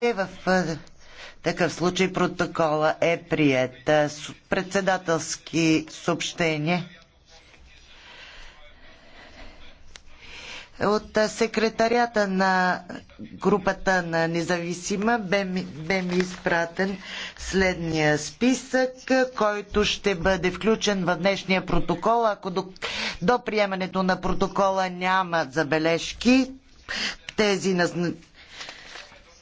Е, в такъв случай протокола е прият. Председателски съобщения. От секретарята на групата на независима бе ми, бе ми изпратен следния списък, който ще бъде включен в днешния протокол. Ако до, до приемането на протокола няма забележки, тези назначения